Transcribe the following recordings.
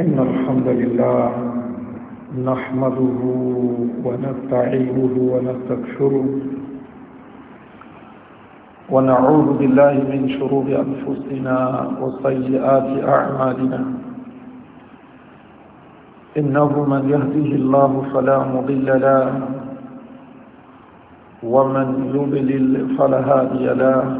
إن الحمد لله نحمده ونستعينه ونستكشره ونعوذ بالله من شرور أنفسنا وسيئات أعمالنا إنه من يهده الله فلا مضل له ومن يضلل فلا هادي له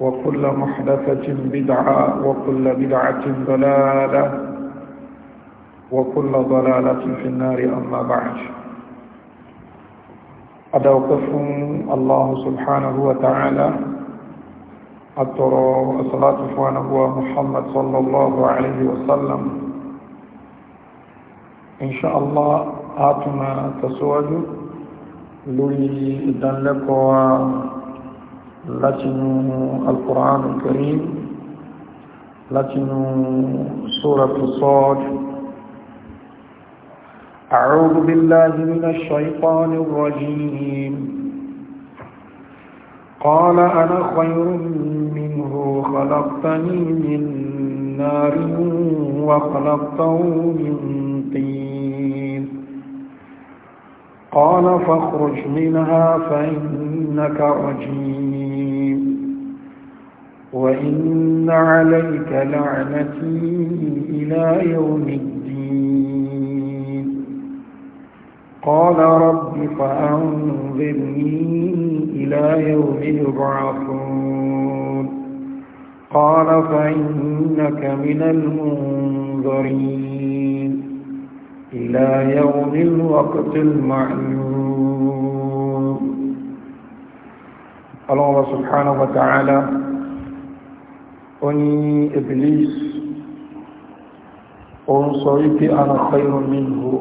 وكل محدثة بدعة وكل بدعة ضلالة وكل ضلالة في النار أما بعد أدوقف الله سبحانه وتعالى أترى الصلاة فوانه محمد صلى الله عليه وسلم إن شاء الله آتنا تسواج لي إذن لاتنو القرآن الكريم لاتنو سورة الصاد أعوذ بالله من الشيطان الرجيم قال أنا خير منه خلقتني من نار وخلقته من طين قال فاخرج منها فإنك رجيم وإن عليك لعنتي إلى يوم الدين قال رب فأنظرني إلى يوم يبعثون قال فإنك من المنظرين إلى يوم الوقت المعلوم الله سبحانه وتعالى ó ní Iblis ó ń sọ wípé ana khairun minhu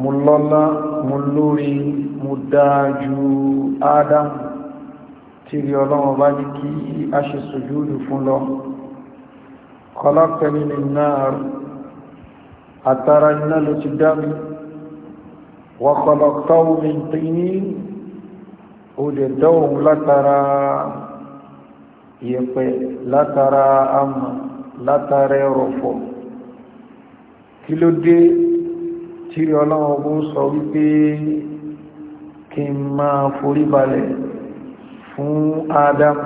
mo lọ́lá mo lórí mo dáa Adam tí rí ọlọ́wọ́n bá ní kí a ṣe sùjúdù fún lọ kọlápẹ̀lú ní náà àtàrà iná ló ti dámi wọ́kọlọ̀tọ́ omi tí ní ó lè dọ́ látara yẹ̀pẹ̀ látara àmà látara ẹrọ̀fọ̀ kí ló dé tíri ọlọ́wọ́ bó sọ wípé kí n máa forí balẹ̀ fún adam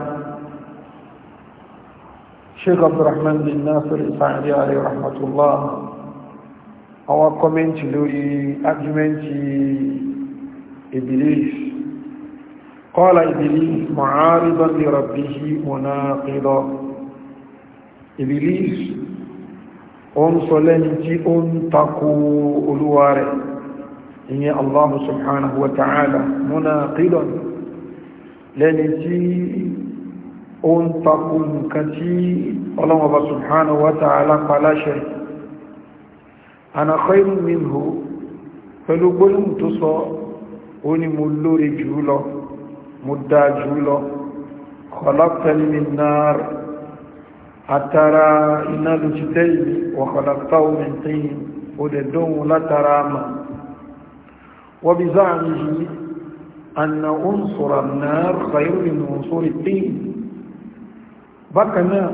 sheikh abdulrahman bin nasir sa'adi alayhi rahmatullah àwọn kọ́mẹ́ntì lórí ájúmẹ́ntì ibilis قال إبليس معارضا لربه مناقضا إبليس أنصى لنتي أنتقوا ألواري إن الله سبحانه وتعالى مناقضا لنتي أنتقوا كتي الله سبحانه وتعالى فلا شيء أنا خير منه فلو قلت صار ونمو اللوري جهوله mo dáa jù lọ khalaqtani min nar àtàrà iná ló ti tẹ́yìn wa khalaqtahu min tin ó dẹ̀ dóhun látara mà wa bi za'mihi anna unsura an-nar khayrun min unsuri at-tin bákan náà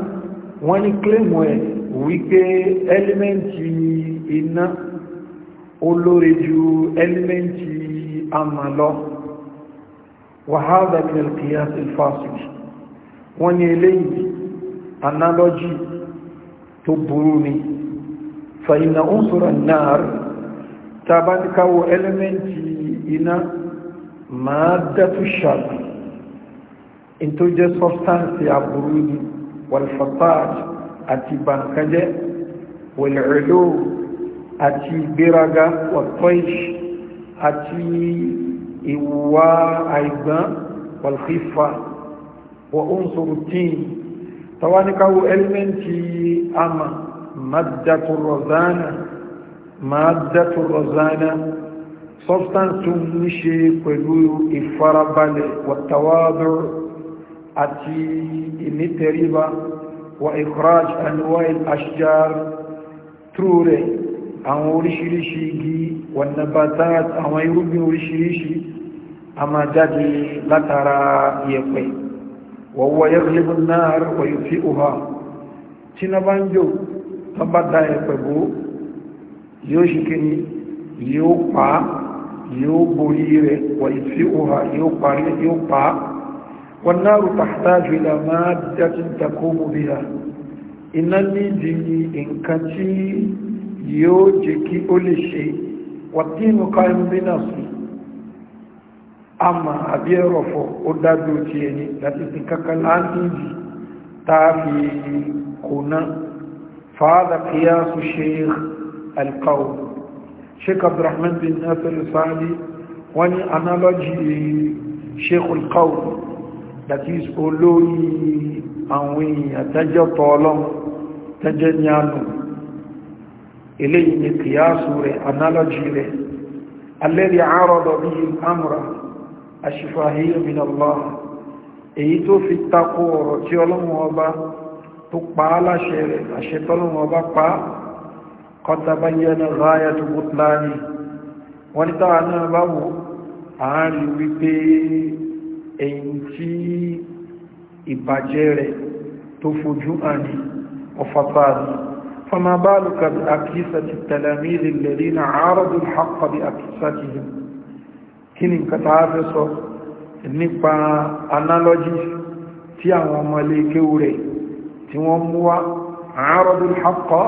wọ́n ní kílèmù ẹ̀ wípé ẹlẹ́mẹ́ntì iná olóore ju ẹlẹ́mẹ́ntì àmà lọ wàhálà min al-qiyas al-fasid wọ́n ní eléyìí analogy tó burú ni fa inna unsur an-nar tabankawo elementi iná maddatu shar into jẹ́ substance aburú ni wal àti bankajẹ́ wal àti gbéraga wal àti ìwà àìgbọ́n wàlfífà wà ó ń sọ̀rọ̀ tíì tàwa ní káwọ ẹlẹ́mẹ́ntì àmà maddatu rozana maddatu rozana substance tó ń ṣe pẹ̀lú ìfarabalẹ̀ wàtàwádọ́ àti ìnítẹríba wà ikhraj anwa'il ashjar trúrẹ̀ àwọn oríṣiríṣi igi wọ̀nàbàtà àwọn irúgbìn oríṣiríṣi a máa jáde látara yẹ̀pẹ̀ wọ̀wọ̀ yẹ́gbẹ̀lẹ́gbẹ̀ náà wọ̀yọ̀ fi òhà tí na bá ń jò tó bá da yẹ̀pẹ̀ bó yóò ṣe kí ni yóò pa yóò borí rẹ̀ wọ̀yọ̀ fi òhà yóò parí yóò pa wọn náà rú tàhtà jùlọ máa dájú takómù bí ha iná ní di nǹkan tí yóò jẹ́ wàtínú káyọ̀ bínà sí àmà àbí ẹ̀rọ̀fọ̀ ó dájú ti ẹni láti fi kankan láńtíjì tààfi kò náà fàádà kíyàsù sheikh alkaw sheikh abdurrahman bin nasir sa'adi wani analogy sheikh alkaw that is olórí àwọn èèyàn tẹ́jọ́ tọ́ọ̀lọ́m tẹ́jẹ́ ní ànú eléyìí ni kìyàsù rẹ̀ analogy rẹ̀ alẹ́rí àárọ̀dọ̀ bí i amúra aṣífàhíyà minallah èyí tó fi takò ọ̀rọ̀ tí ọlọ́run ọba tó pa á láṣẹ rẹ̀ àṣẹ tọ́lọ́run ọba pa á kọtabayyana ghayatu butlani wọ́n ní táwa tó fojú hàn ọfàfà ni فما بالك بأكيسة التلاميذ الذين عارضوا الحق بأكيستهم كن كتعافص nípa analogy tí àwọn ọmọ ilé kéwú rẹ̀ tí wọ́n mú wá àárọ̀dù ìhàkọ́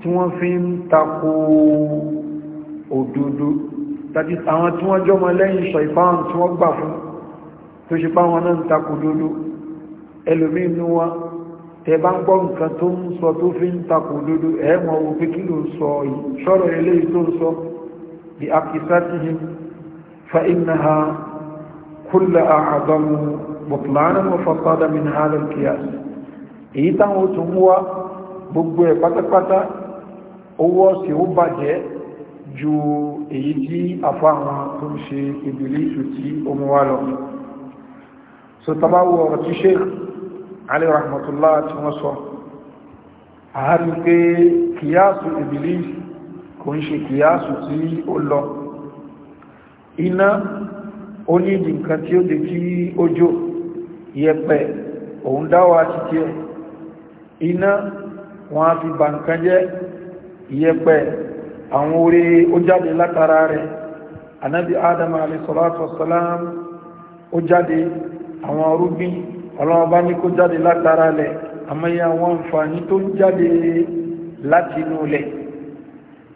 tí wọ́n fi ń takò òdodo tàbí àwọn tí wọ́n jọmọ lẹ́yìn sọ ìfáhàn tí wọ́n gbà fún tó ṣe pá wọn náà takò òdodo ẹlòmí inú wọn tẹ bá ń gbọ́ nǹkan tó ń sọ tó fi ń takò lódó ẹ̀mọ̀ wo pé kí ló ń sọ yìí ṣọ́rọ̀ eléyìí tó ń sọ bí akisatihim fa innaha kulla a'zamu butlanan wa fasada min hadha al-qiyas èyí táwọn tún mú wá gbogbo ẹ̀ pátápátá owó ọ̀sẹ̀ ó bàjẹ́ ju èyí tí àfáwọn tó ń ṣe ìbìlísù tí ó mú lọ so tabawo ọ̀rọ̀ tí sheikh alẹ́ rahmatullah tí wọ́n sọ àárí pé kìyàsù ibilis kò ń ṣe kìyàsù tí ó lọ iná ó ní ìdí nǹkan tí ó dé kí ó yẹpẹ òun dáwà títí ẹ iná wọn á fi bà nǹkan jẹ́ yẹpẹ àwọn orí ó jáde látara anábi adam alayhi salatu ọlọ́wọ́ bá ní kó jáde látara lẹ̀ àmọ́yà wọn fàní tó jáde láti inú lẹ̀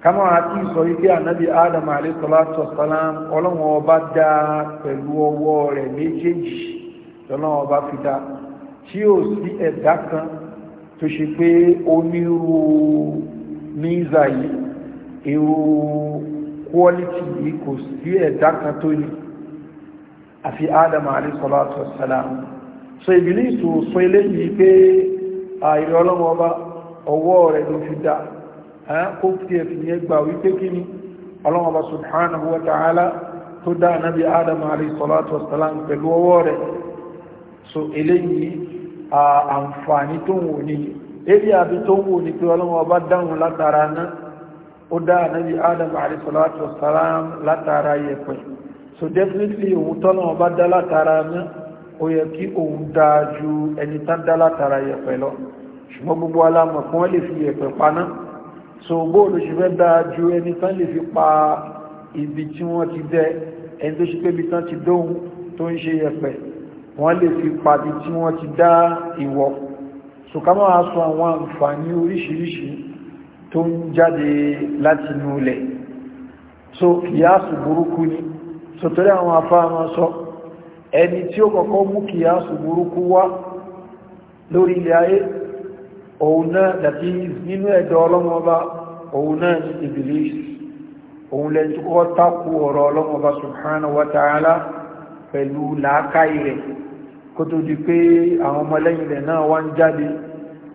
kama àti sọ ike ànábì adam alayhisalatu wasalam ọlọ́wọ́ bá dá pẹ̀lú ọwọ́ rẹ̀ méjèèjì lọ́wọ́ bá fi dá tí ó sí ẹ̀dá kan tó ṣe pé onírú míza yìí irú kwọ́lìtì yìí kò sí ẹ̀dá kan tó ní àfi adam alayhisalatu wasalam so ìbìlísù sún eléyìí pé àìrẹ ọlọ́mọ ọba ọwọ́ rẹ̀ ló fi dá kó fi ẹ̀fì yẹn gbà wípé kí ni ọlọ́mọ ọba subhanahu wa ta'ala tó dá anábi adam alayhi salatu wa salam pẹ̀lú ọwọ́ rẹ̀ so eléyìí àǹfààní tó wò ní eré àbí tó wò ní pé ọlọ́mọ ọba dáhùn látara náà ó dá anábi adam alayhi salatu wa látara yẹ̀pẹ̀ so definitely òun tọ́lọ́mọ ọba dá látara náà ó yẹ kí òun dáa ju ẹni tán dá látara yẹ̀pẹ̀ lọ ṣùgbọ́n gbogbo alámọ̀ kí wọ́n lè fi yẹ̀pẹ̀ paná so bóòlù ṣe fẹ́ dáa ju ẹni tán lè fi pa ibi tí wọ́n ti dẹ ẹni tó ṣe pé ibi tán ti dóhun tó ń ṣe yẹ̀pẹ̀ wọ́n lè fi pa ibi tí wọ́n ti dá ìwọ̀ so ká máa sọ àwọn àǹfààní oríṣiríṣi tó ń jáde láti inú ilẹ̀ so kìí burúkú ni so torí àwọn afá máa sọ so, ẹni tí ó kọ̀kọ́ mú kí a ṣùgbúrúkú wá lórí ilẹ̀ ayé òun náà dàbí nínú ẹ̀dọ́ ọlọ́mọba òun náà ní Iblis òun lẹ́ni tó kọ́ ọ̀rọ̀ ọlọ́mọba subhanahu wa ta'ala pẹ̀lú làákàyè rẹ̀ kó tó di pé àwọn ọmọlẹ́yìn rẹ̀ náà wá ń jáde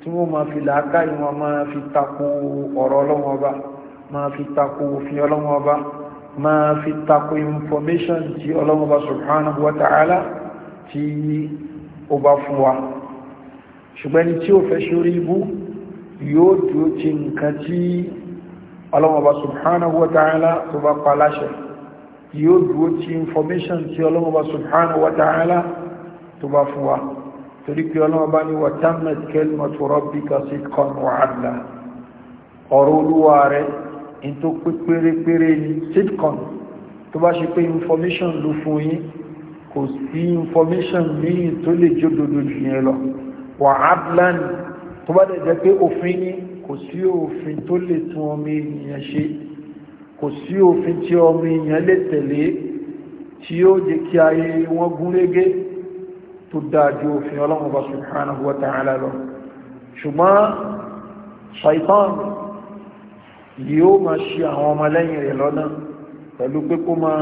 tí wọ́n máa fi làákàyè wọn máa fi takú ọ̀rọ̀ ọlọ́mọba máa fi takú òfin ọlọ́mọba Ma fi takò information ti ọlọ́mọba subhanahu wa ta'ala ti ó bá fún wa ṣùgbọ́n ni tí ó fẹ́ ṣorí ibú yóò dúró ti nǹkan tí ọlọ́mọba subhanahu wa ta'ala tó bá pa láṣẹ yóò dúró ti information tí ọlọ́mọba subhanahu wa ta'ala tó bá fún wa torí pé ọlọ́mọba ni wa tammat kalimatu rabbika sidqan wa adla ọ̀rọ̀ olúwa rẹ̀ in tó pé pérépéré ní sitcom tó bá ṣe pé information ló fún yín kò sí information míì tó lè jódodo jù yẹn lọ wà adlan tó bá dẹ̀ jẹ́ pé òfin ní kò sí òfin tó lè tún ọmọ ènìyàn ṣe kò sí òfin tí ọmọ èèyàn lè tẹ̀lé tí ó jẹ́ kí ayé wọn gún régé tó dájú òfin ọlọ́run bá subhanahu wa ta'ala lọ ṣùgbọ́n shaitan yóò máa ṣe àwọn ọmọlẹ́yìn rẹ̀ lọ́nà pẹ̀lú pé kó máa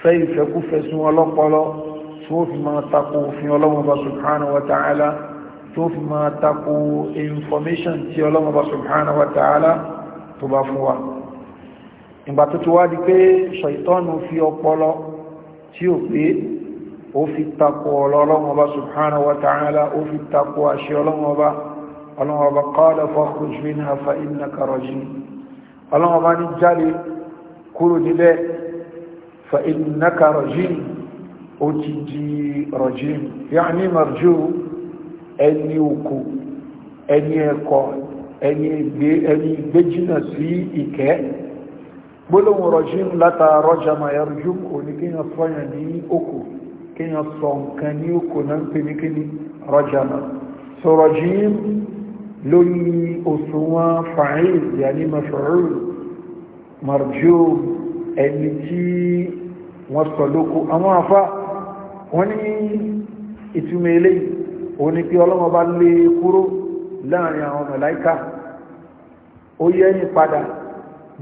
fẹ́ ìfẹ́kúfẹ́ sún ọlọ́pọlọ tí ó fi máa tako òfin ọlọ́mọba subhanahu wa tí ó fi máa tako information tí ọlọ́mọba subhanahu wa ta'ala tó bá fún wa ìgbà tó ti wá di pé ṣàìtọ́nù fi ọpọlọ tí ó pé ó fi tako ọlọ́mọba subhanahu wa ó fi tako àṣẹ ọlọ́mọba ọlọ́run ọba kọ́ọ̀lẹ̀ fọ́kùn ṣe ní afa iná karọ̀jì ọlọ́run ọba ní jáde kúrò níbẹ̀ fa iná karọ̀jì ó ti di rọ̀jì yàní marjú ẹni òkú ẹni ẹ̀kọ́ ẹni ìgbéjìnà sí ìkẹ́ gbólóhùn rọ̀jì látà rọ́jà máa yàrjú òní kíyàn sọ́yàn ní òkú kíyàn sọ lórí òṣùwọ̀n fa'il yàní maf'ul marjum ẹni tí wọ́n sọ lókó àwọn afá wọ́n ní ìtumẹ̀ ilé òun ni pé ọlọ́mọba lè e kúrò láàrin àwọn màláíkà ó yẹ ní padà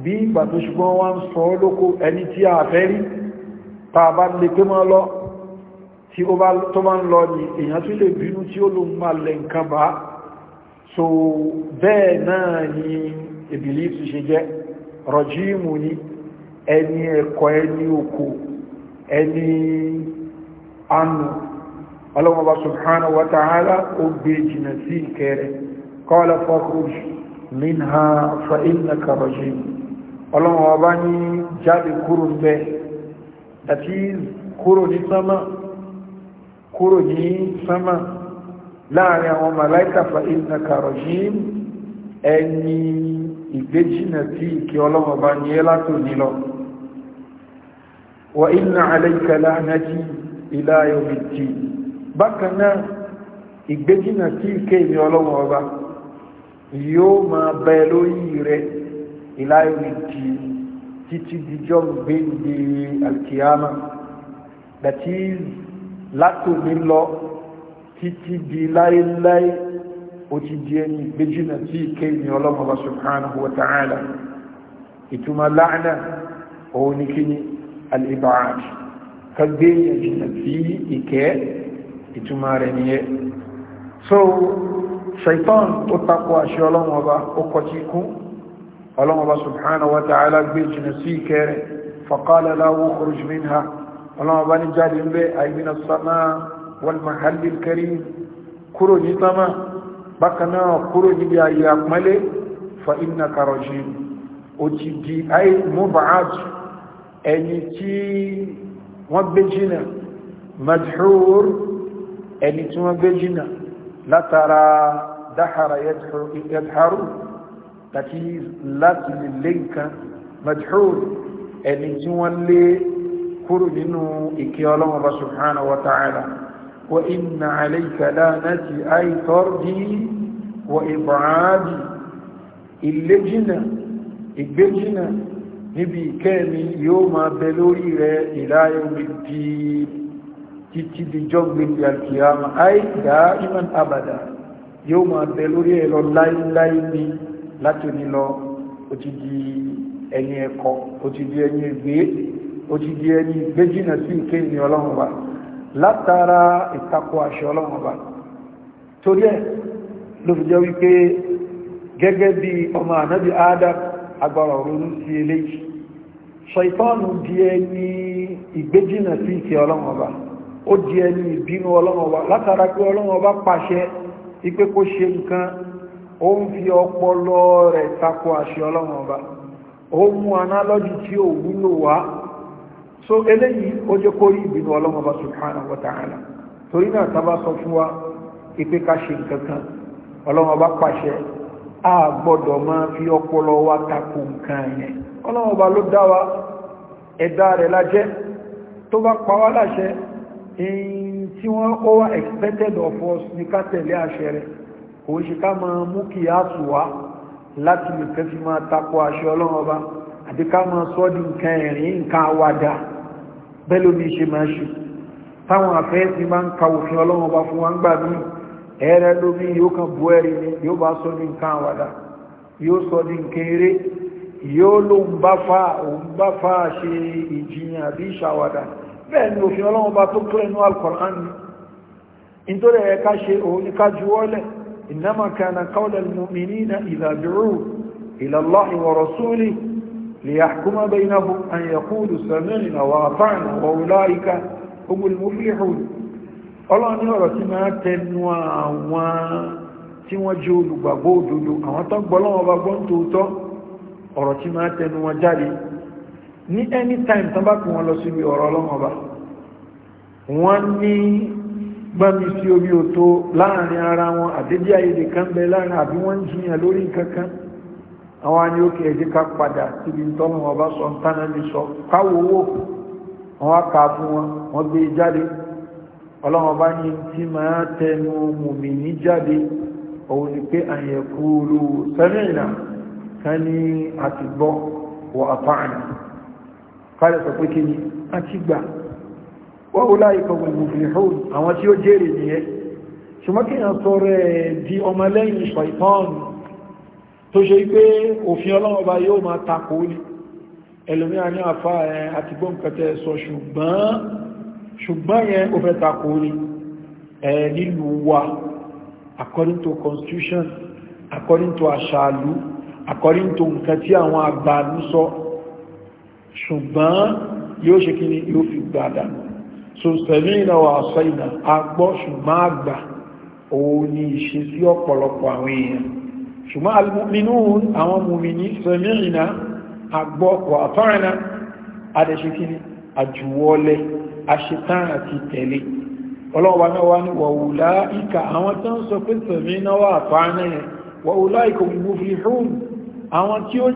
bí ìgbà tó ṣùgbọ́n wọ́n ń sọ lókó ẹni tí a fẹ́ rí tàbá lè pé mọ́ lọ tí ó bá tó so bẹ́ẹ̀ náà ni ìbìlísù ṣe jẹ́ rọ̀jíìmù ni ẹni ẹ̀kọ́ ẹni òkú ẹni anu ọlọ́wọ́ba subhanahu wa ta'ala ó gbé jìnà sí ìkẹrẹ qala fakhruj minha fa innaka rajim ọlọ́wọ́ba ní jáde kúrò bẹ́ is, kúrò ní sama, kúrò ní sama láàrin àwọn màláìkà fa ìnàkà rọ̀jìm ẹni ìgbéjìnà tí ìkí ọlọ́wọ̀ bá ní ẹ látò nílọ wà ìnà àlẹ́kà láàájí ilá ayọ̀mìtì bákanáà ìgbéjìnà tí ìké ìmí ọlọ́wọ̀ bá yóò máa bẹ lórí rẹ ilá ayọ̀mìtì títí dijọ́ gbéǹde alkiyama títí di láíláí ó ti di ẹni gbéjìnà tí ìké ní ọlọ́mọba subhanahu wa ta'ala ìtumọ̀ láàánà òun ní kí ni al-ibad ka gbé ẹ̀jìnà sí ìkẹ́ ìtumọ̀ rẹ̀ nìyẹn so shaitan ó takò àṣẹ ọlọ́mọba ó kọtí kún ọlọ́mọba subhanahu wa ta'ala gbé sí ìkẹ́ rẹ̀ faqala lahu khuruj minha ọlọ́mọba ní jáde ń bẹ́ àìmínà samaa والمحل الكريم كرو نتما بكنا كرو نبيا يقمل فإنك رجيم وتدي أي مبعد ẹni tí wọ́n gbé jìnà madhur ẹni tí wọ́n gbé jìnà látara dáhara yadharu láti láti lè nǹkan madhur ẹni tí wọ́n lé kúrò nínú ìkẹ́ ọlọ́wọ́ subhanahu wa ta'ala وإن عليك لعنتي أي طردي وإبعادي اللجنة الجنة نبي كامي يوم بلوري إلى يوم الدين تتدي جنب القيامة أي دائما أبدا يوم بلوري إلى لاي لاي لا تنلو وتدي ẹni ẹ̀kọ́ ó ti di ẹni ìgbé ó ti di ẹni ìgbéjìnà sí ìkéyìn ọlọ́run wa látara ìtakò àṣẹ ọlọ́mọba ọba torí ẹ̀ ló fi jẹ́ wípé gẹ́gẹ́ bí ọmọ ànábì adam agbára ọ̀rọ̀ sí eléyìí ṣaitọ́nù di ẹni ìgbéjìnà sí ìkẹ́ ọlọ́mọba ó di ẹni ìbínú ọlọ́mọba látara pé ọlọ́run pàṣẹ fi ọpọlọ rẹ̀ àṣẹ ó mú analogy tí ò wúlò wá so eléyìí ó jẹ́ kó rí ìbínú ọlọ́run ọba wa ta'ala torí náà tá a bá sọ fún wa ìpè ká ṣe nǹkan kan pàṣẹ a gbọ́dọ̀ ma fi ọpọlọ wa takò nǹkan yẹn ọlọ́run ọba ló dá wa ẹ̀dá rẹ̀ la jẹ́ tó bá pa wá láṣẹ tí wọ́n ó wá expected of us ní ká tẹ̀lé àṣẹ rẹ̀ kò ń ṣe ká máa mú kí á tù wá láti lè fẹ́ fi máa takò àṣẹ ọlọ́run àti ká máa sọ́ di nǹkan ẹ̀rín nǹkan àwàdà bẹ́lú ní ṣe máa ṣe táwọn àfẹ́ẹ̀sì máa ń ka òfin ọlọ́run bá fún wa ń gbà mí ẹ̀rẹ́ lómi yóò kàn bú ẹ̀rí ni yóò bá sọ ní nǹkan àwàdà yóò sọ ní nǹkan eré yóò ló ń bá fa òun bá fa ṣe ìjìyàn àbí ìṣàwàdà bẹ́ẹ̀ òfin ọlọ́run bá tó kílẹ̀ inú alkọ̀rán ni nítorí ẹ̀ ká ṣe òun ní ká juwọ́lẹ̀ innama kana qawla al-mu'minina idha du'u ila Allahi ليحكم بينهم أن يقولوا سمعنا وأطعنا وأولئك هم المفلحون ọlọ́run ní ọ̀rọ̀ tí máa tẹnu àwọn tí wọ́n jẹ́ olùgbàgbọ́ òdodo àwọn ọ̀rọ̀ tí máa tẹnu wọn jáde ní anytime tán bá kún wọn lọ ọ̀rọ̀ àwọn àni ó kí ẹjẹ́ ká padà síbi tọ́nà ọba sọ tánà lè sọ káwọ owó wọn wá kà fún wọn wọn gbé e jáde ọlọ́run ọba ní tí máa tẹnu mùmí ní jáde òun ni pé àyẹ̀kú olú sẹ́mìnà ká ní àtìgbọ́ wọ àtàrà kálẹ̀ sọ pé kí ni a ti gbà wọ́n ó láyé kan gbogbo fìhún àwọn tí ó jèrè nìyẹn ṣùgbọ́n kí èèyàn sọ rẹ̀ di ọmọlẹ́yìn ṣàìtọ́ọ̀nù tó ṣe pé òfin ọlọ́run ọba yóò máa takò ní ẹlòmíà ní àfá ẹ àti gbọ́nkẹtẹ sọ ṣùgbọ́n ṣùgbọ́n yẹn ó fẹ́ takò ní ẹ nílùú wa according to constitution according to àṣàlú according to nǹkan tí àwọn àgbàlú sọ ṣùgbọ́n yóò ṣe kí ni yóò fi gbà dànù so sẹ̀mí ìnáwó àṣọ ìnà agbọ́ ṣùgbọ́n àgbà òun ni ìṣesí ọ̀pọ̀lọpọ̀ àwọn èèyàn ṣùgbọ́n almu'minun àwọn mùmìní sami'na àgbọ́ wà àtọ́rìnà adẹ́ṣekíní àjùwọlẹ̀ aṣetán àti tẹ̀lé ọlọ́wà náà wá ní wàwùlá ìkà àwọn tó ń sọ pé sami'na wà àtọ́rìnà yẹn wàwùlá ìkà muflihun àwọn tí ó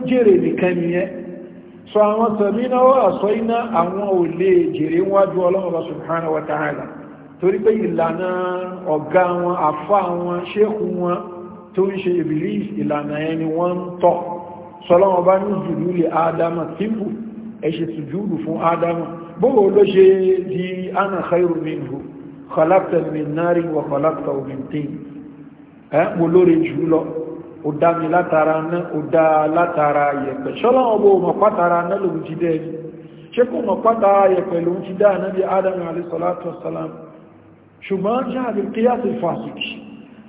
so àwọn sami'na wà àsọ iná àwọn ò lè jèrè wájú ọlọ́wà subhanahu wa ta'ala torí pé ìlànà ọ̀gá wọn àfá wọn ṣéhù wọn tó ń ṣe Iblis ìlànà ẹni wọ́n ń tọ́ sọlọ́wọ́n bá ní jùlú lè ádámà tíbù ẹ̀ṣẹ̀ sùjúdù fún ádámà bóò ló ṣe di ana khairu minhu khalaqta min nari wa khalaqta min tin ẹ́ mo lóore jù lọ ó dá mi látara ná ó dá látara yẹ̀pẹ̀ sọlọ́wọ́n bó mọ̀ pátara ná lòun ti dẹ́ ẹni ṣùgbọ́n jáde kíyàtì fásitì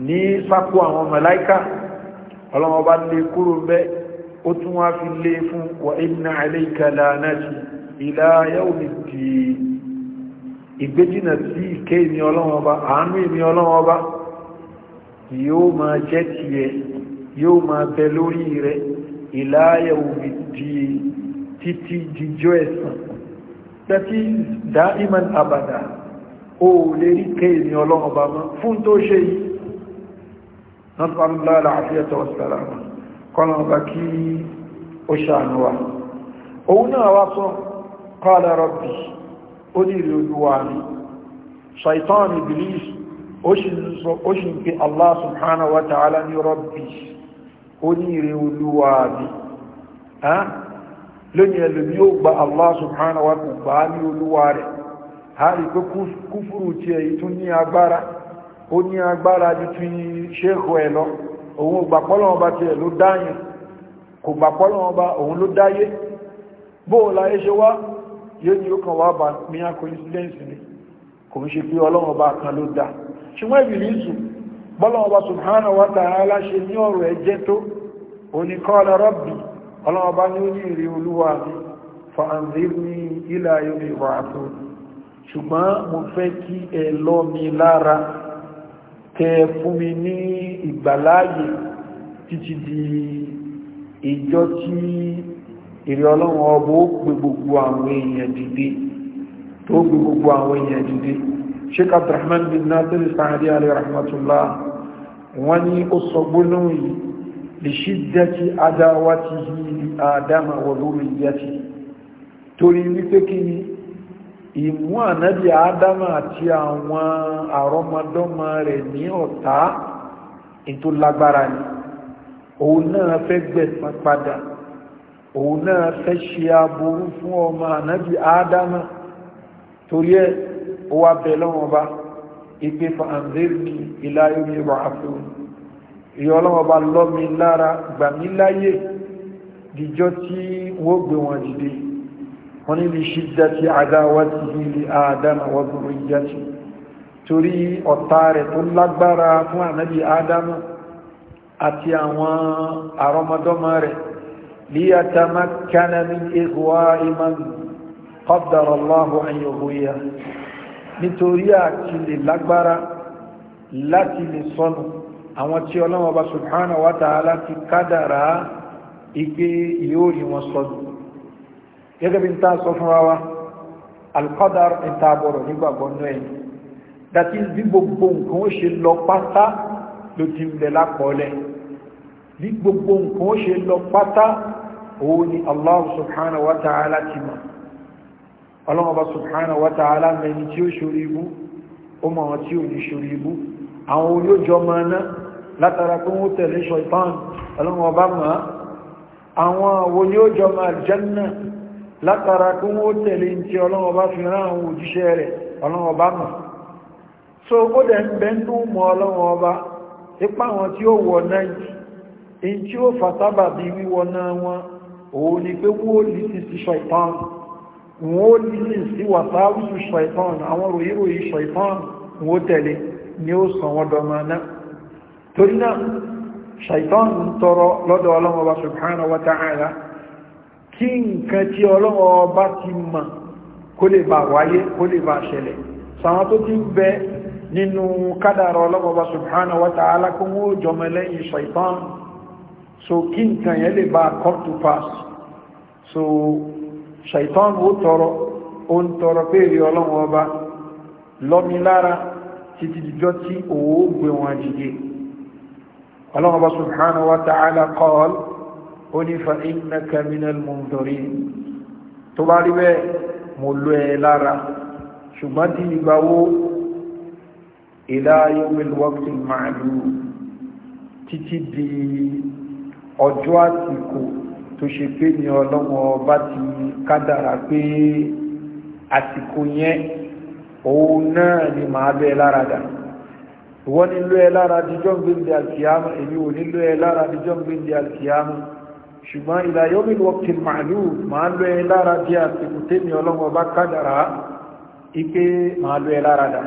ní sápò àwọn màláíkà ọlọ́wọ́ bá lè kúrò bẹ́ ó tún wá fi lé e fún wa inna alayka lánàtì ila yawmi ddin ìgbéjìnà sí ìké ìmì ọlọ́wọ́ bá àánú ìmì ọlọ́wọ́ bá yóò máa jẹ́ tiẹ̀ yóò máa bẹ lórí rẹ̀ ila yawmi ddin títí jíjọ́ ẹ̀san tẹ́tí dáíman abada ó lè rí ké ìmì ọlọ́wọ́ bá mọ́ fún tó ṣe yìí نسأل الله العافية والسلام قال بكي أشانوا أونا وصل قال ربي أدير يواني شيطان إبليس أشن في الله سبحانه وتعالى ربي أدير يواني ها lónìí ẹlòmí ó gba Allah subhanahu wa ta'ala ní olúwa rẹ̀ ha rí pé kúfúrú tí èyí tún ní agbára ó ní agbára ju ti ṣéèkù ẹ̀ lọ òun ò gbàpọ́lọ́wọ́n bá tiẹ̀ ló dáyìn kò gbàpọ́lọ́wọ́n bá òun ló dáyé bóòlà ẹṣẹ́ wá yóò ní ó kàn wá bá mìíràn coincidence ni kò ń ṣe pé ọlọ́wọ́n ṣùgbọ́n rabbi ọlọ́wọ́n bá ní ó ní ila yawmi yub'athun ṣùgbọ́n mo fẹ́ kí ẹ lọ́ mi lára kẹ fún mi ní ìgbàláàyè títí di ìjọ tí èrè ọlọ́run ọbọ̀ ó gbé gbogbo àwọn èèyàn dìde tó gbé gbogbo àwọn èèyàn dìde sheik abdulrahman bin nasir sa'adi alayhi rahmatullah wọ́n ní ó sọ gbólóhùn yìí lè ṣí dẹ́kí adáwátì yìí adama wọ̀lórí yẹ́tì torí wípé kí ni ìmú ànábì ádámà àti àwọn àrọmọdọ́mọ rẹ̀ ní ọ̀tá ètò lágbára ni òun náà fẹ́ gbẹ̀san padà òun náà fẹ́ ṣe aburú fún ọmọ ànábì ádámà torí ẹ̀ ó wá bẹ̀ lọ́wọ́ bá ìgbé fàǹdéèrè ìláyọ̀mí wà ìyọ́ wọ́n ní bí ṣídàtí àdáwàtí li Adama wa dhurriyyati torí ọ̀tá rẹ̀ tó lágbára fún ànábì Adama àti àwọn àrọmọdọ́mọ rẹ̀ liyatamakkana min ighwa'i man qaddara Allahu an yughwiya nítorí àti lè lágbára láti lè sọnù àwọn tí gẹ́gẹ́ bí n ta sọ fún wa alqadar n ta bọ̀rọ̀ nígbàgbọ́ náà ẹ̀ dàtí bí gbogbo nǹkan ó ṣe lọ pátá ló ti ń bẹ lápọ̀ọ́lẹ̀ bí gbogbo nǹkan ó ṣe lọ pátá òun ni Allah subhanahu wa ta'ala ti mọ̀ ọlọ́mọba subhanahu wa ta'ala mẹni tí ó ṣorí ibú ó mọ̀ wọn tí ò ní ṣorí ibú àwọn olóòjọ́ máa ná látara pé wọ́n tẹ̀lé ṣọ̀tán ọlọ́mọba mọ̀ àwọn àwọn olóòjọ́ máa jannah látara kí wọ́n tẹ̀lé tí ọlọ́wọ́ bá fi rán àwọn òjíṣẹ́ rẹ̀ ọlọ́wọ́ bá mọ̀ so ó dẹ̀ ń bẹ́ ní mọ́ ọlọ́wọ́ bá ipá wọn tí ó wọ̀ náà in tí ó fàtábà bí wíwọ náà wọn òun ni pé wọ́n lè ti sí ṣàìtàn wọ́n lè sí ń tọrọ lọ́dọ̀ ọlọ́wọ́ bá wa ta'ala kí nǹkan tí ọlọ́wọ́ ọba ti mọ̀ kó lè bá wáyé kó lè bá ṣẹlẹ̀ sàwọn tó ti ń bẹ nínú kádàrà ọlọ́wọ́ ọba subhanahu wa ta'ala kó wọ́n jọmọ lẹ́yìn ṣaitan so kí nǹkan yẹn lè bá come to pass so ṣaitan ó tọrọ ó ń tọrọ pé èrè ọlọ́wọ́ ọba lọ́mi lára títí dijọ́ tí òwò gbé wọn jìde ọlọ́wọ́ ọba subhanahu wa ta'ala ó ní fa innaka minal munzirin tó bá rí bẹ́ẹ̀ mo lọ ẹ lára ṣùgbọ́n tí ìgbà wo ila yawmil waqtil ma'lum títí di ọjọ́ àsìkò tó ṣe pé ní ọlọ́wọ́ bá ti kádàrà pé àsìkò yẹn òun náà ni màá lọ lára dà wọ́n nílò ẹ lára díjọ́ gbé ní alkiyama ò nílò ẹ lára díjọ́ gbé ní ṣùgbọ́n ìlà yóò bí wọ́pì màálù máa lọ ẹ lára bí àsìkò tèmi ọlọ́wọ́ bá kádàrá ipé máa lọ ẹ lára dà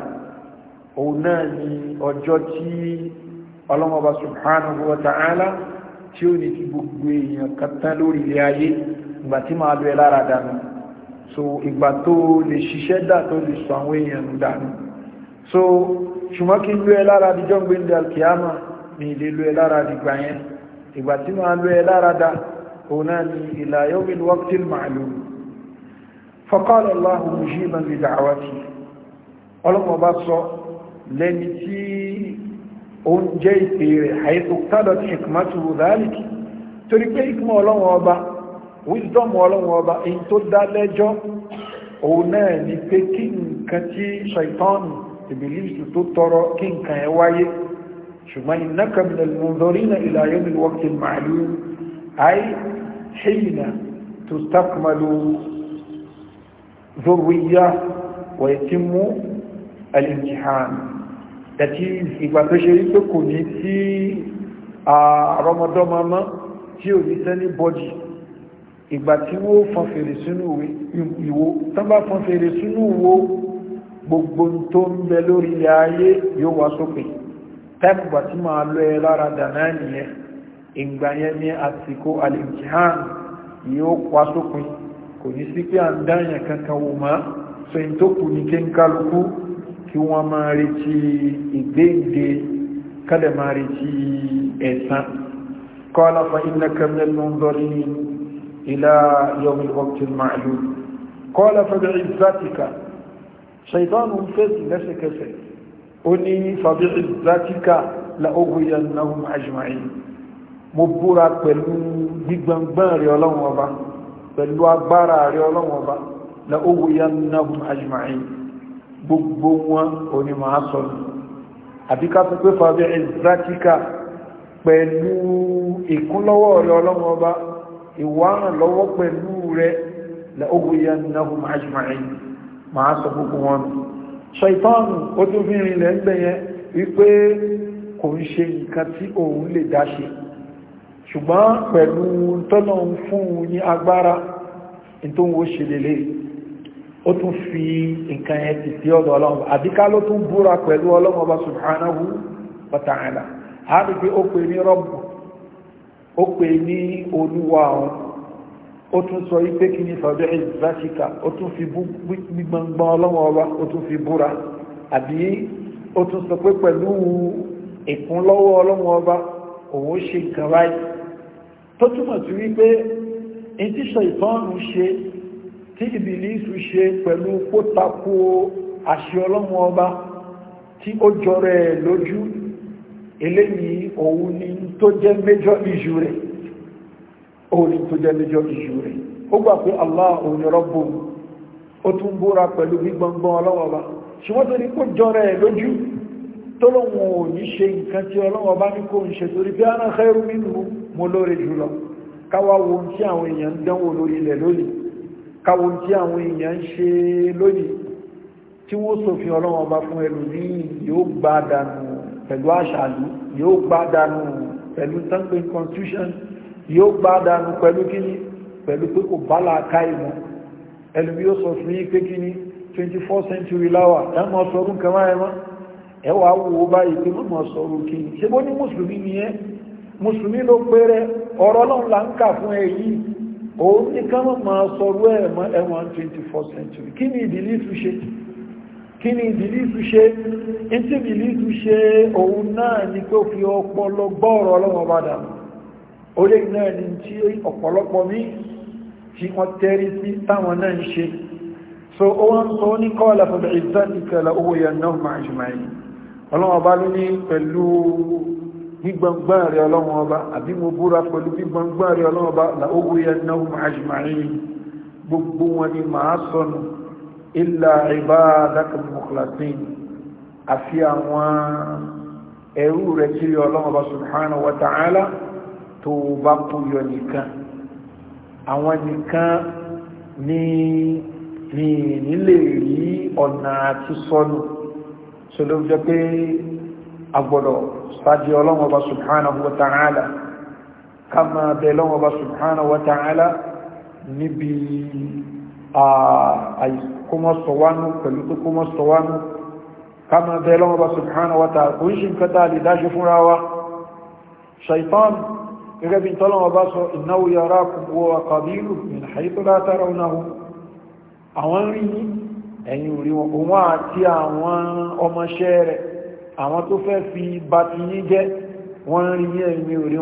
òun náà ni ọjọ́ tí ọlọ́wọ́ bá wa ta'ala tí ó ní ti gbogbo èèyàn kátá lórí ilé ayé ìgbà tí máa lọ ẹ lára dànù so ṣùgbọ́n kí lọ ẹ lára dìjọ́ gbé ní ni ilé lọ ẹ lára dìgbà yẹn ìgbà tí máa lọ ẹ lárada òun náà ni ila yawmil waqtil ma'lum faqala Allahu mujiban li da'wati ọlọ́mọ bá sọ lẹ́ni tí ó ń jẹ́ ìpè rẹ̀ haythu iqtadat hikmatuhu wisdom ọlọ́wọ́ ọba in tó dá lẹ́jọ́ òun náà ni pé kí nǹkan tí ṣaitọ́nù ṣùgbọ́n innaka minal munzirina ila yawmil waqtil ma'lum ay hina tustakmalu dhurriyyah wa yatimmu al-imtihan that is ìgbà tó ṣe rí pé kò ní sí àrọmọdọ́mọmọ́ tí ò ní sẹ́ni bọ́dì ìgbà tí wọ́n fọn fèrè sínú ìwò tán bá fọn fèrè gbogbo tó ń bẹ lórí ayé yóò wá sókè so tẹ́kùgbà tí máa lọ ẹ lára dànà nìyẹn ìgbà yẹn ní àsìkò alìjíhàn yóò pa sópin kò ní sí pé à ń dáyàn kankan wò má so in tó kù ní kí ń kálukú kí wọ́n máa retí ìgbéǹde kálẹ̀ máa retí ẹ̀san kọ́lá fa innaka minal ń fèsì ó ní fàbí ìzátíkà láógúyà náhùn àjùmáyé mo búra pẹ̀lú gbígbọ̀ngbọ̀n rẹ̀ ọlọ́run ọba pẹ̀lú agbára rẹ̀ ọlọ́run ọba láógúyà náhùn àjùmáyé gbogbo wọn ò ní máa sọ ní àbí ká tún pé fàbí ìzátíkà pẹ̀lú ìkúnlọ́wọ́ rẹ̀ ọlọ́run ọba ìwárán ṣaitọ́nù ó tún fi rìnlẹ̀ ń gbẹ̀yẹn wípé kò ń ṣe nǹkan tí òun lè dáṣe ṣùgbọ́n pẹ̀lú tọ́nà ń fún un ní agbára tó ń ṣe lélé ó tún fi nǹkan yẹn ti sí ọ̀dọ̀ ọlọ́run àdíká ló tún búra pẹ̀lú ọlọ́run ọba ó tún sọ ipé kí ní fàbí ìzásíkà ó tún fi gbígbọ́ngbọ́n ọlọ́wọ́ ọba ó tún fi búra àbí ó tún sọ pé pẹ̀lú ìkúnlọ́wọ́ ọlọ́wọ́ ọba òun ó ṣe nǹkan báyìí tó túmọ̀ sí wípé ìtíṣọ ìtọ́nù ṣe tí ìbìlísù ṣe pẹ̀lú pótakó àṣẹ ọlọ́wọ́ ọba tí ó jọrọ ẹ̀ lójú eléyìí òun ni tó jẹ́ major issue rẹ̀ orí tó jẹ́ níjọ́ ìṣù rẹ̀ ó gbà pé Allah òun rọ́bù ó tún búra pẹ̀lú gbígbọ́ngbọ́n ọlọ́wọ́ba ṣùgbọ́n tó ní kó jọra ẹ̀ lójú tó lóun ò ní ṣe nǹkan tí ọlọ́wọ́ba ní kó ń ṣe torí bí ana khairu minhu mo lóore jùlọ káwá wo ohun tí àwọn èèyàn ń dánwò lórí ilẹ̀ lónìí káwó yóò gbá dànù pẹ̀lú kíní pẹ̀lú pé kò bá làákà ìmọ̀ ẹlùmí yóò sọ fún yín kíní 24th century láwà ẹmọ sọrún kẹwàá ẹmọ ẹwà wo báyìí pé mọ̀ sọrún kíní ṣe bó ní mùsùlùmí nìyẹn mùsùlùmí ló péré ọ̀rọ̀ náà là ń kà fún òun ní orí náà ni tí ọ̀pọ̀lọpọ̀ mí tí wọ́n tẹ́rí sí táwọn náà ń ṣe so ó wọ́n tó ní kọ́ọ̀lá fọ́dọ̀ ìzánikẹ̀lá owó yẹnà máa jùmáyí ọlọ́wọ́ bá ló ní pẹ̀lú gbígbọ̀ngbọ̀n rẹ̀ ọlọ́wọ́ bá àbí mo búra pẹ̀lú gbígbọ̀ngbọ̀n rẹ̀ ọlọ́wọ́ bá la owó yẹnà máa jùmáyí gbogbo wọn ni màá sọnù àfi àwọn ẹrú rẹ̀ kiri ọlọ́wọ́ bá subhanahu wa ta'ala tó o bá kú yọ nìkan àwọn nìkan ní ní nílé rí ọ̀nà àti sọnù tó ló jẹ́ pé agbọ́dọ̀ sáájú ọlọ́wọ́ bá subhanahu wa ta'ala ká máa bẹ lọ́wọ́ bá subhanahu wa ta'ala níbi àìkómọ́sọ̀wánú pẹ̀lú tó kómọ́sọ̀wánú ká máa bẹ lọ́wọ́ bá subhanahu wa ta'ala kò ń ṣe dáṣe fúnra wa ṣaitan gẹ́gẹ́ bí tọ́lọ́wọ́ bá sọ innahu yarakum huwa qabiluhu min haythu la tarawnahum àwọn rí ẹ̀yìn orí wọn òun àti àwọn ọmọṣẹ́ rẹ̀ àwọn tó fẹ́ fi bá ti yí jẹ́ wọ́n rí ní ẹ̀yìn orí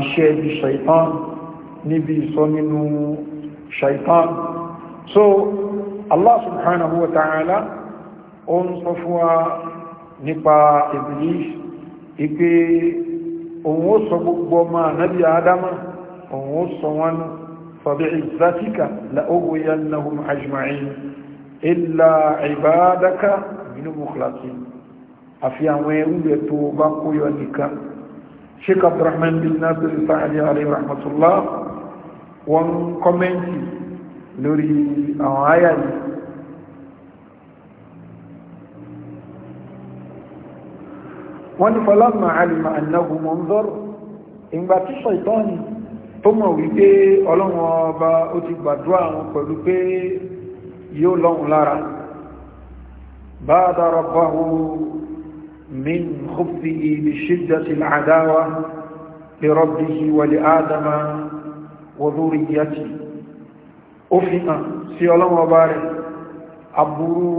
iṣẹ́ ibi shaitan níbi ìsọ nínú shaitan so Allah subhanahu wa ta'ala ó ń sọ fún wa nípa Iblis ipé òun ó sọ gbogbo ọmọ ànábì Ádámà òun ó sọ wọn fabi'izzatika la'ughwiyannahum ajma'in illa ibadaka minal mukhlasin àfi àwọn ẹrú rẹ̀ tó bá kóyọ nìkan sheik abdulrahman bin nasir sa'adi alayhi rahmatullah wọn kọ́mẹ́ntì lórí àwọn àyà yìí wọ́n ní fọlọ́mà alìmọ̀ ànáhùn mọ́ ń zọ́rọ̀ ìgbà tí ṣàìtọ́nì tó mọ̀ wípé ọlọ́run ọba ó ti gbàdúrà wọn pẹ̀lú pé yóò lọ́run lára bá dára bá hù mí kúfì ìlú ṣíjà àdáwà lè rọ́bì wàlẹ̀ ádámà wọ́lórí yàtì ó fi hàn sí ọlọ́run ọba rẹ̀ aburú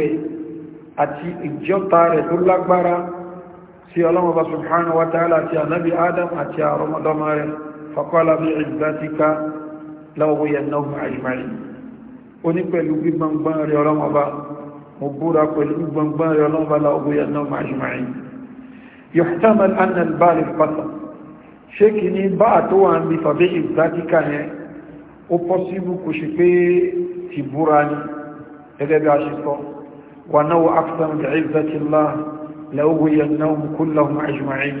rẹ̀ àti ìjọta rẹ̀ tó lágbára tí ọlọ́mọba subhanahu wa ta'ala àti ànábì adam àti àrọmọdọ́mọ rẹ̀ faqala bí ìgbàtíká láwọ́ yẹn náà àìmáyì ó ní pẹ̀lú gbígbọ̀ngbọ̀n rẹ̀ ọlọ́mọba mo búra pẹ̀lú gbígbọ̀ngbọ̀n rẹ̀ ọlọ́mọba láwọ́ yẹn náà àìmáyì yuhtamal anna al-bal al-basar ṣé kì ní bá àtọ́wà lẹ́wọ́gbìyànnáhùn kúlọ̀hùn àjùmáyìn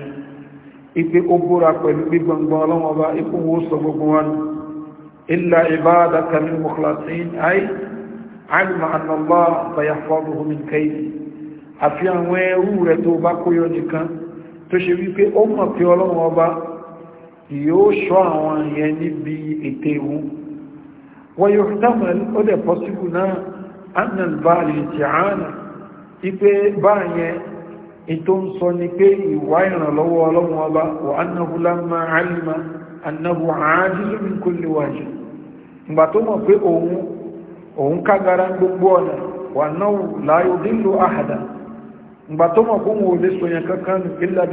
ipe ó búra pẹ̀lú gbígbọ̀ngbọ̀n ọlọ́wọ́ bá ipò wo sọ gbogbo wọn ilá ìbáadà kàmí mọ̀kìlásín àì àìmà ànàlá bayafọ́lùhùn kẹ́yì àfi àwọn ẹrú rẹ̀ tó bá kóyọ nìkan tó ṣe wípé ó mọ̀ pé ọlọ́wọ́ bá yóò báyẹn ètò ń sọ ni pé ìwà ìrànlọ́wọ́ ọlọ́run ọba wà annahu lamma alima annahu ajizu min kulli wajib ìgbà tó mọ̀ pé òun òun kágara gbogbo ọ̀nà wà náà la yudillu ahada ìgbà tó mọ̀ fún òun lè sọ̀yàn kankan illa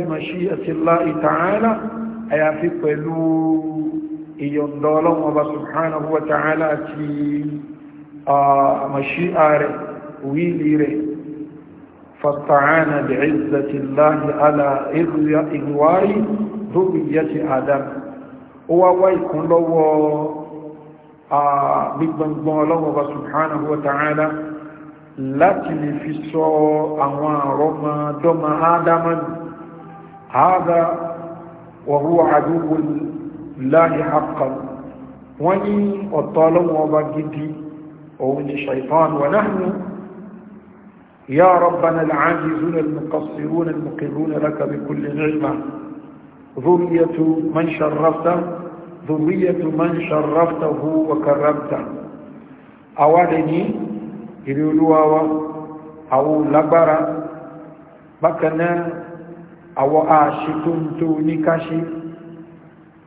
فاستعان بعزة الله على إغوار ذرية آدم هو ويكون له gbígbọ̀ngbọ̀n ọlọ́wọ́ bá subhanahu wa ta'ala láti lè fi sọ àwọn àrọ́mà dọ́mà ádámàlù àádá wàhúwà àdúgbò láàrí haqqan wọ́n ní ọ̀tọ́ ọlọ́wọ́ bá gidi òun ni shaitan wà náà يا ربنا العاجزون المقصرون المقرون لك بكل نعمة ذرية من شرفته ذرية من شرفته وكرمته أولني إلولوا أو لبرا بكنا أو آشتم تونكشي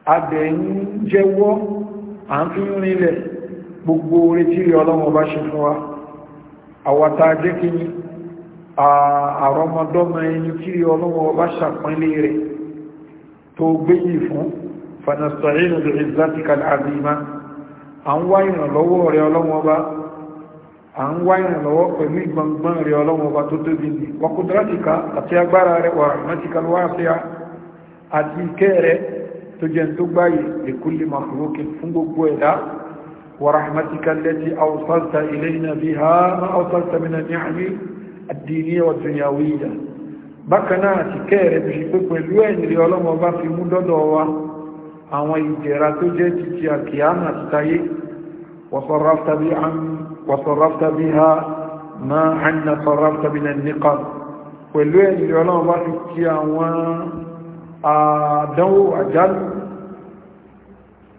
أدن جوا أنتم لله gbogbo orí tí ọlọ́wọ́ bá ṣe fún wa àwàta jẹ́ kí ni àrọmọdọ́mọ ẹni tí ọlọ́wọ́ bá ṣàpọ́nlé rẹ̀ tó gbéyìí fún fanasta'inu bi azima à ń wá ìrànlọ́wọ́ rẹ̀ ọlọ́wọ́ bá à ń wá ìrànlọ́wọ́ pẹ̀lú ìgbọ̀ngbọ̀n rẹ̀ ọlọ́wọ́ bá tó tóbi ní wa àti agbára ورحمتك التي أوصلت إلينا بها ما أوصلت من النعم الدينية والدنيوية بكنا تكير بشكوك والوين ليولم وبا في مددوة àwọn ìdẹ̀ra tó jẹ́ títí àkíyàmà títayé wàsọ̀rọ̀fta bí ha ma hànà sọ̀rọ̀fta bí na nípa pẹ̀lú ẹ̀yìn ọlọ́run bá fi kí àwọn àdánwò àjálù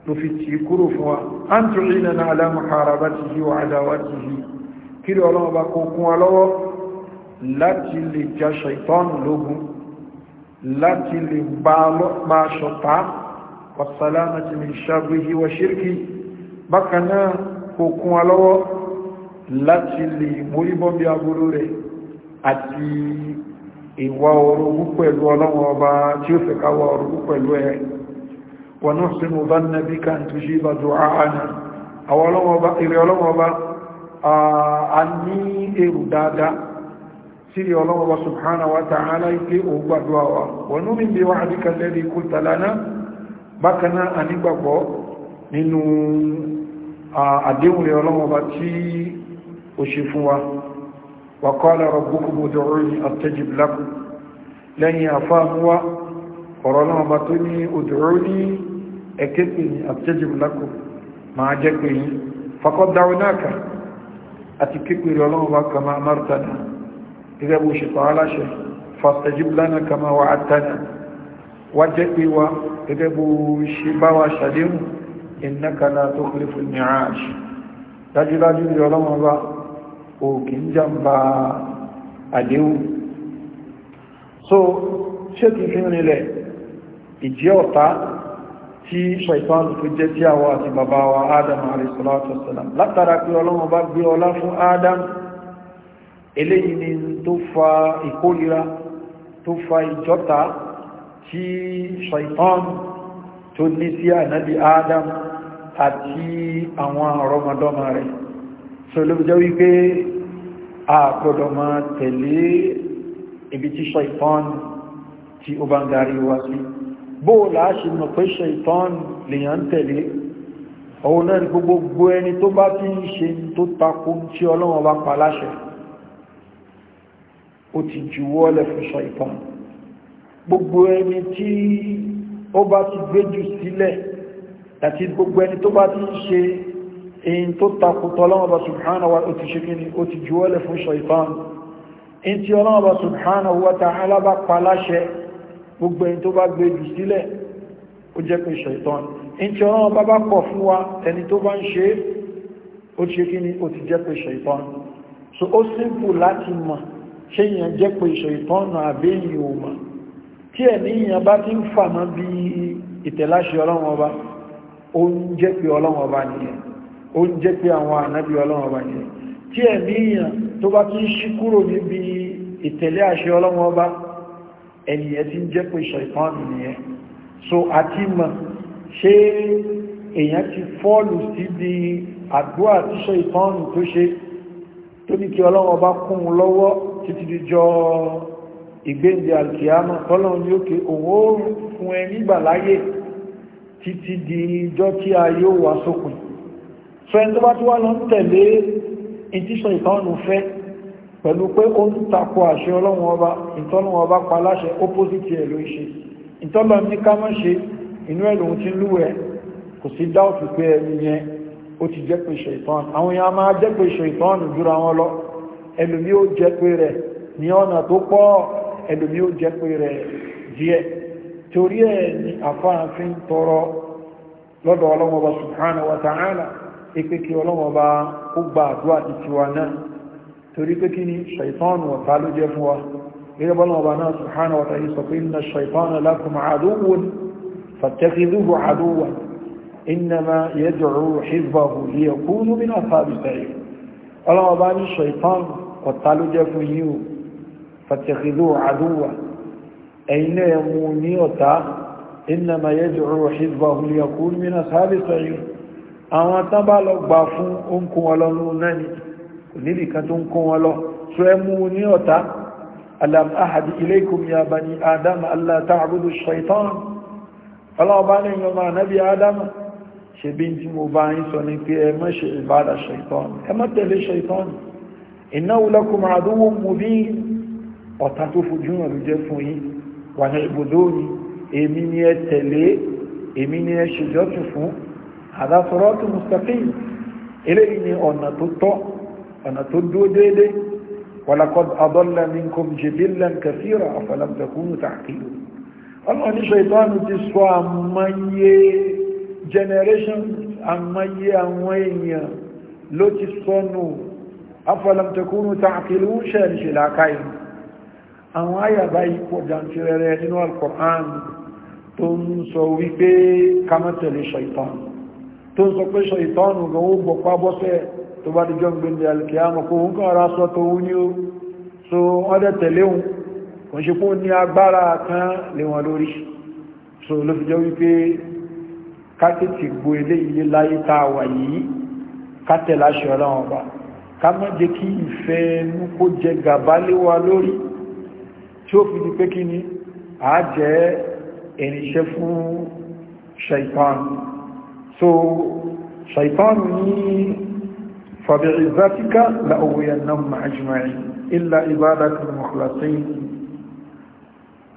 ló fi tí kúrò fún wa a ń tún ìlànà alámùhárabá ti yíwa adáwà ti yí kiri ọlọ́wọ́ bá kó kún wa lọ́wọ́ láti lè já ṣaitán lógún láti lè bá ṣọ̀tá wàsàlámà ti lè ṣàgbéhí wa ṣírkì bákanáà kó kún láti lè móríbọ́ bí aburú rẹ̀ àti ìwà orogún pẹ̀lú ọlọ́wọ́ ọba tí ó fẹ́ káwà orogún pẹ̀lú ẹ̀ ونحسن ظن بك أن تجيب دعاءنا ìrẹ̀ ọlọ́wọ́ba a ní èrò dáadáa sí ìrẹ̀ ọlọ́wọ́ba subhanahu wa ta'ala ike ògbàdúwà wa wọnú mi bí wá àdíkà lẹ́rí kú tàlánà bákaná a nígbàgbọ́ nínú àdéhùn rẹ̀ ọlọ́wọ́ba tí ó ṣe fún wa wa qala rabbukum ud'uni astajib lakum lẹ́yìn àfáàmúwá ọ̀rọ̀ náà bá tó ní òdòrò ní ẹ̀kẹ́ pè ní àtẹ́jì lákò máa jẹ́ pé yí fakọ́ dáwọn náà kà àti képe rẹ̀ ọlọ́run bá kà máa márùtánà gẹ́gẹ́ bó ṣe pàá láṣẹ fàtẹ́jì lánà kà máa wà átánà wá jẹ́ pé wa gẹ́gẹ́ bó ṣe bá wa ṣàdéhùn innaka la tukhlifu al-mi'ad dájúdájú rẹ̀ ń jàmbá àdéhùn so ṣé kìí fi ìjẹ́ ọ̀tá tí ṣàìtánù tó jẹ́ tí àwọ àti bàbá wa adam alaihissalatuwasalam látara pé ọlọ́run bá gbé ọlá fún adam eléyìí ni tó fa ìkórira tó fa ìjọta tí ṣàìtánù tó ní sí ànábì adam àti àwọn ọ̀rọ̀mọdọ́mọ rẹ̀ so ló jẹ́ wípé àkọ́dọ̀mọ tẹ̀lé ibi tí ṣàìtánù tí ó bá ń darí wá sí bóòlá ṣe mọ̀ pé ṣe ìtàn lèyàn tẹ̀lé ọ̀hún náà ní gbogbo ẹni tó bá tí ń ṣe tó takò tí ọlọ́wọ́n bá pa láṣẹ ó ti juwọ́lẹ̀ fún ṣe ìtàn gbogbo ẹni tí ó bá ti gbé jù sílẹ̀ àti gbogbo ẹni tó bá ti ń ṣe èyí tó takò tọ́lọ́wọ́n bá ṣe gbogbo ẹni tó bá gbé jù sílẹ̀ ó jẹ́ pé ṣẹ̀tàn ní tí ọ̀rọ̀ bá bá kọ̀ fún wa ẹni tó bá ń ṣe ó ṣe kí ni ó ti jẹ́ pé ṣẹ̀tàn so ó símpù láti mọ̀ ṣé èèyàn jẹ́ pé ṣẹ̀tàn àbẹ́yìn ò mọ̀ tí ẹ̀mí èèyàn bá ti ń fà mọ́ bí ìtẹ̀láṣẹ ọlọ́run ọba ẹniyẹ tí ń jẹ́ pé ṣẹ̀tán nìyẹn so àti mọ̀ ṣé èèyàn ti fọ́ọ̀lù síbi àdúrà tí ṣẹ̀tán tó ṣe tó ní kí ọlọ́wọ́ bá kún un lọ́wọ́ títí dijọ́ ìgbéǹde alkiyama tọ́lọ́run ní òkè òun ó fún ẹ nígbà láyé di ijọ́ tí a yóò wá sópin so ẹni tó pẹ̀lú pé ó ń takò àṣẹ ọlọ́run ọba ìtọ́lọ́run ọba pa láṣẹ opposite ẹ̀ ló ṣe ìtọ́lọ́ ní ká mọ́ ṣe inú ẹ̀ lòun ti lúwẹ̀ kò sí dáòtù pé ẹni yẹn ó ti jẹ́ pé ṣaitan àwọn èèyàn máa jẹ́ pé ṣaitan jùra wọn lọ ẹlòmí ó jẹ́ pé rẹ̀ ní ọ̀nà tó pọ̀ ẹlòmí ó jẹ́ pé rẹ̀ díẹ̀ torí ẹ̀ ni àfáàfin tọrọ lọ́dọ̀ ọlọ́run ọba subhanahu wa ta'ala ipe kí ọlọ́run ọba ó gba àdúrà ti tiwa náà torí pé kí ni ṣaitán ọ̀tá ló jẹ́ fún wa gẹ́gẹ́ bọ́lá ọba náà subhanahu wa ta'ala sọ pé inna ṣaitán lakum aduwwun fattakhidhuhu aduwwan innama yad'u hizbahu liyakunu min ashabis sa'ir ọlọ́wọ́ bá ní ṣaitán ọ̀tá ló jẹ́ fún yín o fattakhidhuhu àwọn tán fún òǹkùn ọlọ́run náà níbi kan tó ń kún wọn lọ tó ẹ mú ní ọ̀tá alam ahadi ilaykum ya bani adam allah ta'budu shaitan ọlọ́ọ̀bá ní ìyọmọ ànábì adam ṣe bí tí mo bá ń sọ ní pé ẹ má ṣe ìbádà shaitan ẹ má tẹ̀lé shaitan innahu lakum aduwwun mubin ọ̀tá tó fojú hàn ló jẹ́ fún yín wà ní ibùdó ni èmi ni ẹ tẹ̀lé èmi ni ẹ ṣèjọ́tù fún hadha siratun mustaqim eléyìí ni ọ̀nà tó tọ́ ọ̀nà tó dúó déédéé walaqad adalla minkum jibillan kathira afalam takunu ta'qilu ọlọ́run ní ṣètọ́nù ti sọ àmọye generation àmọye àwọn èèyàn ló ti sọnù afalam takunu ta'qilu ṣẹ̀ṣẹ̀ làákàyè àwọn àyàbá ipò jàǹtìrẹrẹ nínú al-Qur'an tó ń sọ wípé ká má tẹ̀lé tó ń sọ pé ṣètọ́nù gan ó gbọ̀pá bọ́sẹ̀ tó bá dìjọ́ gbẹ̀ndẹ̀ alkiyama kó hún kan ara sọ tó wú ní ó so ọdẹ́ tẹ̀lé hun kò ṣe kó ní agbára kan lè wọn lórí so ló fi jọ wípé kátètì gbo ilé ilé láyé tá a wà yìí kátẹ̀ láṣẹ ọlọ́run ọba ká má jẹ́ kí ìfẹ́ ẹnu kó jẹ gàbá lé wa lórí tí ó fi di pé kí ni àá jẹ́ ẹ̀rìnṣẹ́ fún ṣaitan so ṣaitan ní فبعزتك لأغوينهم أجمعين إلا عبادك المخلصين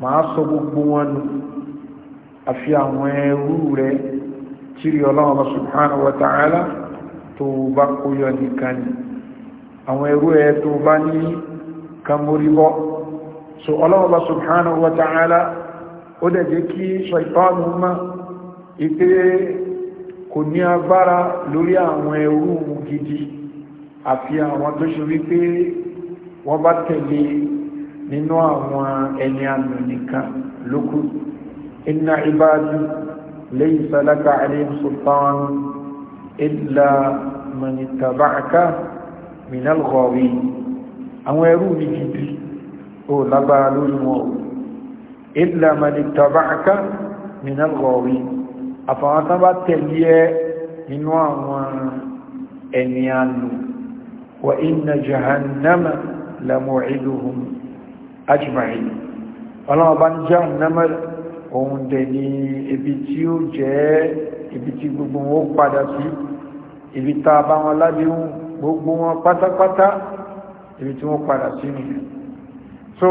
máa sọ gbogbo wọn nù àfi àwọn ẹrú rẹ̀ tíri ọlọ́wọ́ subhanahu wa ta'ala tó bá kóyọ nìkan ni àwọn ẹrú ẹ tó bá ní kàmúríbọ́ so ọlọ́wọ́ subhanahu wa ta'ala ó dẹ̀ jẹ́ kí ṣaitanu mọ́ ipé kò ní agbára lórí àwọn ẹrú gidi àfi àwọn tó ṣe wípé wọ́n bá tẹ̀lé nínú àwọn ẹni àmì nìkan lókù inna ibadi laysa laka alayhim sultan illa man ittaba'aka minal ghawin àwọn ẹrú ní gidi ó lágbára lórí wọn illa man ittaba'aka àfàwọn tán bá tẹ̀lé ẹ nínú àwọn ẹni àmì وإن جهنم لموعدهم أجمعين ọlọ́wọ́ bá ní jahannama òun dẹ̀ ní ibi tí ó jẹ́ ibi tí gbogbo wọn padà sí ibi tá a bá wọn lábíhún gbogbo wọn pátápátá ibi tí wọ́n padà sí ni so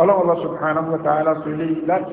ọlọ́wọ́ subhanahu wa ta'ala sọ láti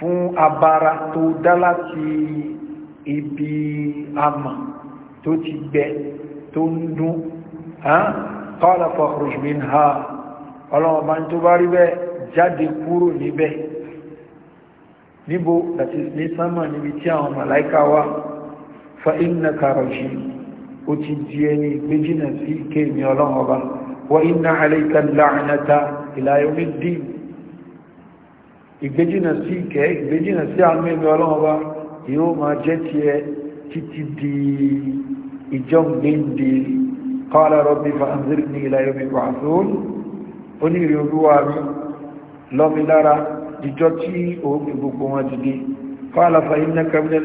fún abara tó dá láti ibi àmà tó ti gbẹ tó ń dún qala fakhruj minha ọlọ́ọ̀bá tó bá rí bẹ́ẹ̀ jáde kúrò níbẹ̀ níbo àti ní sánmà níbi tí àwọn màláíkà wá fa innaka rajim ó ti di ẹni ìgbéjìnà sí ìkéèmí ọlọ́ọ̀bá wa inna alayka al-la'nata ila yawmi ìgbéjìnà sí ìkẹ́ ìgbéjìnà sí àánú ẹgbẹ́ ọlọ́run ọba yóò máa jẹ́ ti ẹ títí di ìjọ gbéǹde qala rabbi fa'anzirni ila yawmi yub'athun onírè olúwa mi lọ́mi lára ìjọ tí òun gbogbo wọn dìde qala fa innaka minal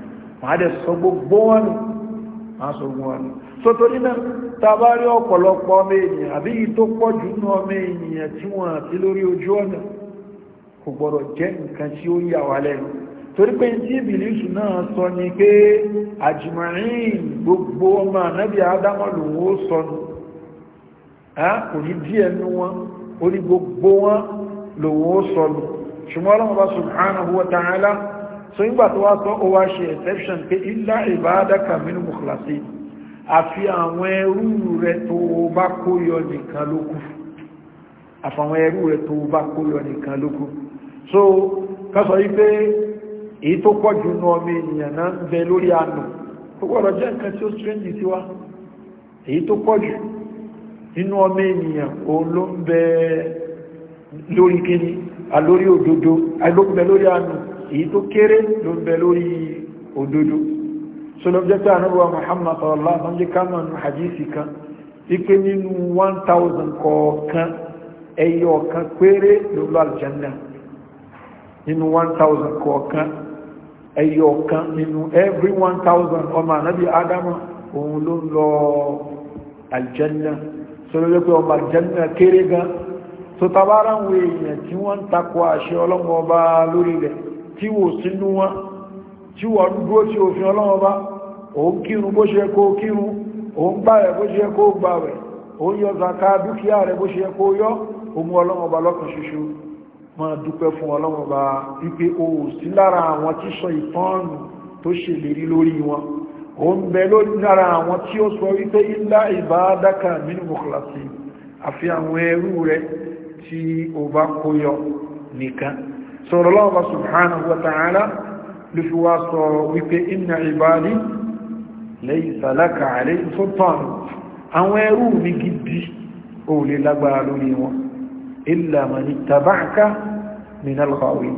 máa dẹ̀ sọ gbogbo wọn nù máa sọ gbogbo wọn nù sótórí náà tàbá rí ọ̀pọ̀lọpọ̀ ọmọ ènìyàn àbí yìí tó pọ̀ jù ní ọmọ ènìyàn tí wọ́n àti lórí ojú ọ̀nà kò gbọ́dọ̀ jẹ́ nǹkan tí ó yà wá lẹ́nu torí pé tí ìbìlísù náà sọ ni pé àjùmọ̀rin gbogbo ọmọ ànábì ádámọ̀ lòun ó sọnù kò ní díẹ̀ nú wọn ó ní gbogbo wọn lòun ó sọnù ṣùgbọ́n ọlọ́mọba subhanahu wa ta'ala so nígbà tó wá sọ ó wá ṣe exception pé ilá ìbádaka minú mùkìlásí àfi àwọn ẹrú rẹ tó bá kó yọ nìkan lókù àfàwọn ẹrú rẹ tó bá kó yọ nìkan lókù so kásọ̀ yí pé èyí tó pọ̀ jù náà mi ènìyàn náà ń bẹ lórí àánú tó gbọ́dọ̀ jẹ́ nǹkan tí ó strange sí wa èyí tó pọ̀ jù nínú ọmọ ènìyàn òun lórí kíní alórí òdodo alókùnbẹ lórí àánú èyí tó kéré ló bẹ lórí òdodo sọlọ́bjẹ́tà anábọ̀wá muhammad sọ̀rọ̀lá sọ́njẹ́ kámánù hadisi kan wípé nínú 1000 kọ̀ọ̀kan ẹyọ kan péré ló lọ àlùjánnà nínú 1000 kọ̀ọ̀kan ẹyọ kan nínú every 1000 ọmọ anábì adama òun ló ń lọ àlùjánnà sọlọ́jẹ́ pé ọmọ àlùjánnà kéré gan tó tabára ń wo èèyàn tí wọ́n ń takò àṣẹ ọlọ́mọba lórí rẹ̀ tí wò sínú wọn tí wọ́n dúró tí òfin ọlọ́wọ́ bá òun kírun bó ṣe kó kírun òun gbààwẹ̀ bó ṣe kó gbààwẹ̀ òun yọ zaka dúkìá rẹ̀ bó ṣe kó yọ ohun ọlọ́wọ́ bá lọ́kàn ṣoṣo máa dúpẹ́ fún ọlọ́wọ́ bá wípé o sí lára àwọn tí sọ ìtọ́nù tó ṣèlérí lórí wọn o bẹ lórí lára àwọn tí ó sọ wípé ilá ìbádákà nínú mọ̀kànlásí àfi àwọn ẹrú rẹ tí o bá kóyọ nìkan sọ̀rọ̀ lọ́wọ́ subhanahu wa ta'ala ló fi wá sọ wípé inna ibadi laysa laka alayhi sultan àwọn ẹrú ní gidi ò lè lágbára lórí wọn illa man ittaba'aka minal ghawin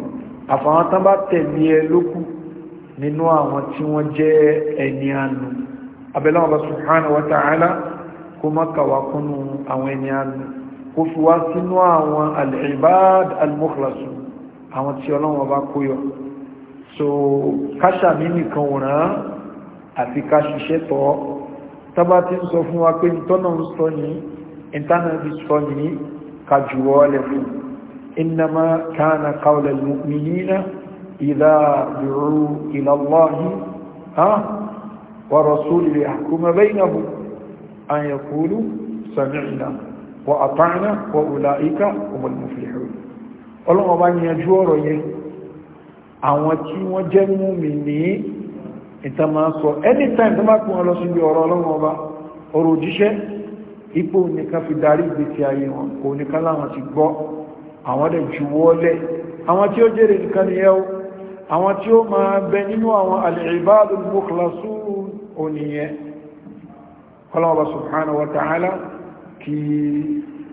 àfàwọn tán bá tẹ̀lé ẹ lókù nínú fi wá sínú àwọn al al-mukhlasun àwọn tí ọlọ́wọ́n bá kó yọ so káṣà mi nìkan ò rán àti ká ṣiṣẹ́ tọ́ tábà ti ń sọ fún wa pé ìtọ́nà ń sọ ní ìtànàbí sọ ní kàjùwọ́ ọlẹ̀ fún innama kana qawla al-mu'minina idha du'u ila Allahi wa ọlọ́wọ́ bá yanjú ọ̀rọ̀ yẹn àwọn tí wọ́n jẹ́ mú mi ní ìta sọ anytime tó máa kún ọ lọ síbi ọ̀rọ̀ ọlọ́wọ́ bá ọ̀rọ̀ òjíṣẹ́ ipò nìkan fi darí ìgbésí ayé wọn kò nìkan láwọn ti gbọ́ àwọn dẹ̀ ju wọ́lẹ̀ àwọn tí ó jèrè nìkan ni ẹ́wọ́ àwọn tí ó máa bẹ nínú àwọn al-ibadu al oníyẹn ọlọ́wọ́ subhanahu wa kí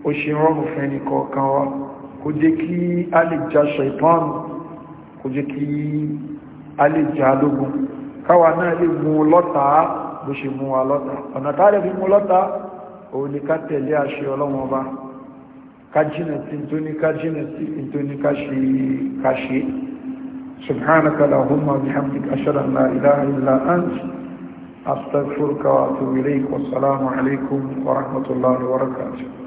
ó ṣe rọrùn fẹ́ni kọ̀ọ̀kan wa kò jẹ́ kí a lè jà ṣẹ̀tọ́n kò jẹ́ kí a lè jà lógún káwa náà lè mú lọ́ta bó ṣe mú wa lọ́ta ọ̀nà tààrẹ fi mú lọ́ta òun ni ká tẹ̀lé àṣẹ ọlọ́wọ́n bá ká jìnà sí nítorí ká jìnà sí nítorí ká ṣe ká ṣe سبحانك اللهم وبحمدك